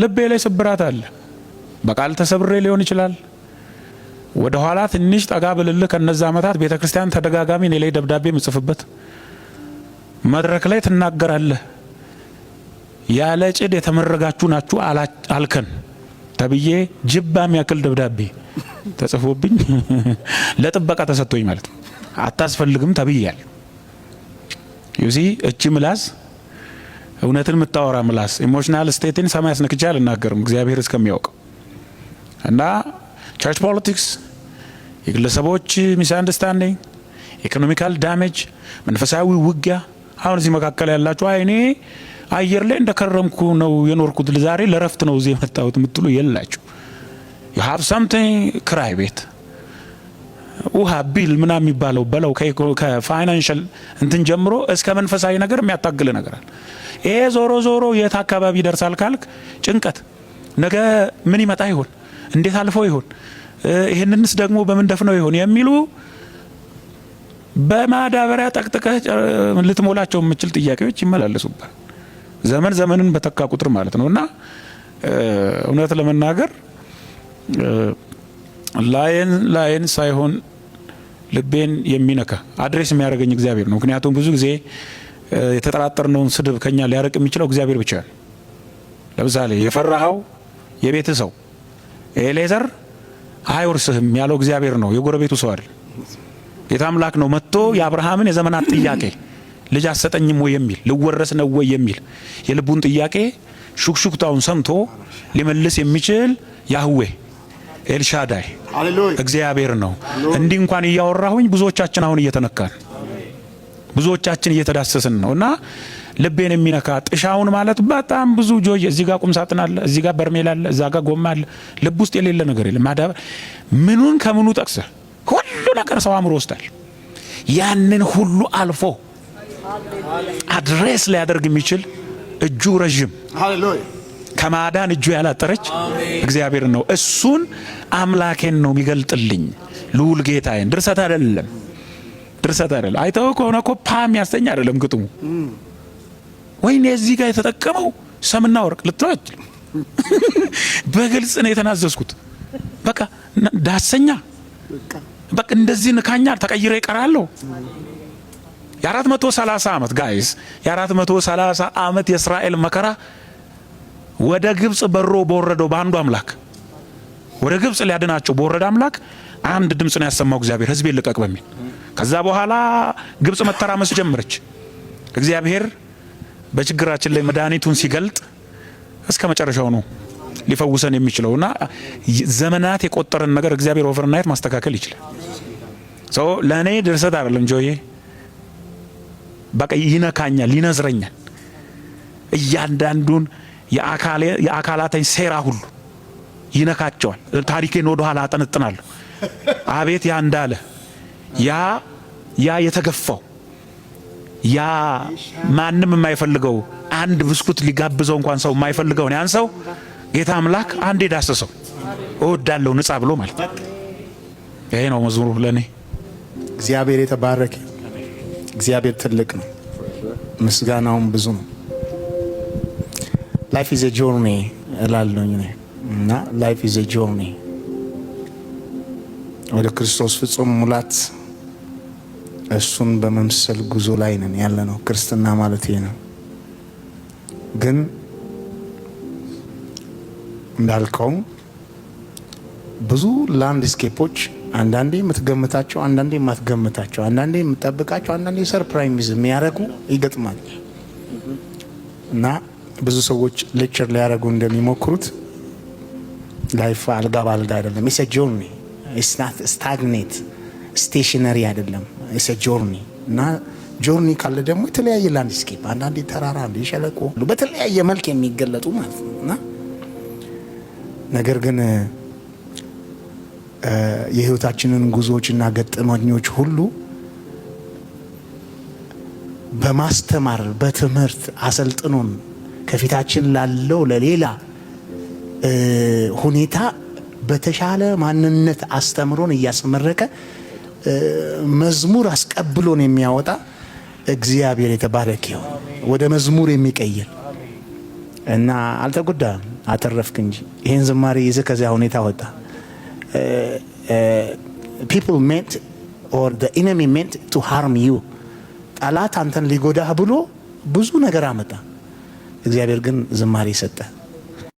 ልቤ ላይ ስብራት አለ። በቃል ተሰብሬ ሊሆን ይችላል። ወደ ኋላ ትንሽ ጠጋ ብልልህ ከነዛ ዓመታት ቤተ ክርስቲያን ተደጋጋሚ እኔ ላይ ደብዳቤ የምጽፍበት መድረክ ላይ ትናገራለህ። ያለ ጭድ የተመረጋችሁ ናችሁ አልከን ተብዬ ጅባ ሚያክል ደብዳቤ ተጽፎብኝ ለጥበቃ ተሰጥቶኝ ማለት ነው። አታስፈልግም ተብያል። ዩሲ እቺ ምላስ እውነትን የምታወራ ምላስ ኢሞሽናል ስቴትን ሰማይ አስነክቼ አልናገርም እግዚአብሔር እስከሚያውቅ እና ቸርች ፖለቲክስ የግለሰቦች ሚስ ኢኮኖሚካል ዳሜጅ መንፈሳዊ ውጊያ አሁን እዚህ መካከል ያላችሁ አይ እኔ አየር ላይ እንደከረምኩ ነው የኖርኩት ዛሬ ለረፍት ነው እዚህ የመጣሁት የምትሉ የላችሁ ዩ ሀብ ሳምቲንግ ክራይ ቤት ውሃ ቢል ምና የሚባለው በለው ከፋይናንሽል እንትን ጀምሮ እስከ መንፈሳዊ ነገር የሚያታግል ነገር አለ። ይሄ ዞሮ ዞሮ የት አካባቢ ይደርሳል ካልክ ጭንቀት፣ ነገ ምን ይመጣ ይሆን፣ እንዴት አልፎ ይሆን፣ ይህንንስ ደግሞ በምን ደፍነው ይሆን የሚሉ በማዳበሪያ ጠቅጥቀህ ልትሞላቸው የምችል ጥያቄዎች ይመላለሱበት ዘመን ዘመንን በተካ ቁጥር ማለት ነው እና እውነት ለመናገር ላየን ላየን ሳይሆን ልቤን የሚነካ አድሬስ የሚያደርገኝ እግዚአብሔር ነው። ምክንያቱም ብዙ ጊዜ የተጠራጠርነውን ስድብ ከኛ ሊያርቅ የሚችለው እግዚአብሔር ብቻ ነው። ለምሳሌ የፈራኸው የቤት ሰው ኤሌዘር አይወርስህም ያለው እግዚአብሔር ነው፣ የጎረቤቱ ሰው አይደል። ጌታ አምላክ ነው መጥቶ የአብርሃምን የዘመናት ጥያቄ ልጅ አሰጠኝም ወይ የሚል ልወረስ ነው ወይ የሚል የልቡን ጥያቄ ሹክሹክታውን ሰምቶ ሊመልስ የሚችል ያህዌ ኤልሻዳይ እግዚአብሔር ነው። እንዲህ እንኳን እያወራሁኝ ብዙዎቻችን አሁን እየተነካን ብዙዎቻችን እየተዳሰስን ነው እና ልቤን የሚነካ ጥሻውን ማለት በጣም ብዙ ጆ እዚህ ጋር ቁምሳጥን አለ፣ እዚህ ጋር በርሜል አለ፣ እዛ ጋር ጎማ አለ። ልብ ውስጥ የሌለ ነገር የለም። ማዳ ምኑን ከምኑ ጠቅሰ ሁሉ ነገር ሰው አእምሮ ወስዳል። ያንን ሁሉ አልፎ አድሬስ ሊያደርግ የሚችል እጁ ረዥም ከማዳን እጁ ያላጠረች እግዚአብሔር ነው። እሱን አምላኬን ነው የሚገልጥልኝ ልዑል ጌታዬን። ድርሰት አይደለም፣ ድርሰት አይደለም። አይተው ከሆነ እኮ ፓም ያሰኝ አይደለም ግጥሙ። ወይኔ እዚህ ጋር የተጠቀመው ሰምና ወርቅ ልትለው አይችልም። በግልጽ ነው የተናዘዝኩት። በቃ ዳሰኛ በቃ እንደዚህ ንካኛ ተቀይሬ ይቀራለሁ። የአራት መቶ ሰላሳ ዓመት ጋይስ የአራት መቶ ሰላሳ ዓመት የእስራኤል መከራ ወደ ግብፅ በሮ በወረደው በአንዱ አምላክ ወደ ግብፅ ሊያድናቸው በወረደ አምላክ አንድ ድምፅ ነው ያሰማው እግዚአብሔር ህዝቤ ልቀቅ በሚል። ከዛ በኋላ ግብፅ መተራመስ ጀመረች። እግዚአብሔር በችግራችን ላይ መድኃኒቱን ሲገልጥ እስከ መጨረሻው ነው ሊፈውሰን የሚችለው እና ዘመናት የቆጠረን ነገር እግዚአብሔር ኦቨርናይት ማስተካከል ይችላል። ለእኔ ድርሰት አይደለም ጆዬ፣ በቃ ይነካኛል፣ ይነዝረኛል እያንዳንዱን የአካላተኝ ሴራ ሁሉ ይነካቸዋል። ታሪኬን ወደ ኋላ አጠነጥናለሁ። አቤት ያ እንዳለ ያ ያ የተገፋው ያ ማንም የማይፈልገው አንድ ብስኩት ሊጋብዘው እንኳን ሰው የማይፈልገውን ያን ሰው ጌታ አምላክ አንዴ ዳሰሰው፣ እወዳለሁ ንጻ ብሎ ማለት ይሄ ነው መዝሙሩ ለእኔ። እግዚአብሔር የተባረከ እግዚአብሔር ትልቅ ነው፣ ምስጋናውም ብዙ ነው። ላይፍ ኢዝ ጆርኒ እላለሁኝ እና ላይፍ ኢዝ ጆርኒ ወደ ክርስቶስ ፍጹም ሙላት እሱን በመምሰል ጉዞ ላይ ነን ያለ ነው። ክርስትና ማለት ይሄ ነው። ግን እንዳልከውም ብዙ ላንድስኬፖች አንዳንዴ የምትገምታቸው፣ አንዳንዴ የማትገምታቸው፣ አንዳንዴ የምጠብቃቸው አንዳንዴ ሰርፕራይዝ የሚያደርጉ ይገጥማል እና ብዙ ሰዎች ሌክቸር ሊያደርጉ እንደሚሞክሩት ላይፍ አልጋ በአልጋ አይደለም። ኢስ ጆርኒ ስታግኔት ስቴሽነሪ አይደለም። ኢስ ጆርኒ እና ጆርኒ ካለ ደግሞ የተለያየ ላንድስኬፕ፣ አንዳንዴ ተራራ፣ አንዴ ሸለቆ፣ በተለያየ መልክ የሚገለጡ ማለት ነው እና ነገር ግን የህይወታችንን ጉዞዎችና ገጠመኞች ሁሉ በማስተማር በትምህርት አሰልጥኖን ከፊታችን ላለው ለሌላ ሁኔታ በተሻለ ማንነት አስተምሮን እያስመረቀ መዝሙር አስቀብሎን የሚያወጣ እግዚአብሔር የተባረክ ይሁን። ወደ መዝሙር የሚቀይር እና አልተጎዳም፣ አተረፍክ እንጂ ይህን ዝማሬ ይዘህ ከዚያ ሁኔታ ወጣ። ፒፕል ሜንት ኦር ኢነሚ ሜንት ቱ ሃርም ዩ ጠላት አንተን ሊጎዳህ ብሎ ብዙ ነገር አመጣ። እግዚአብሔር ግን ዝማሬ ሰጠ።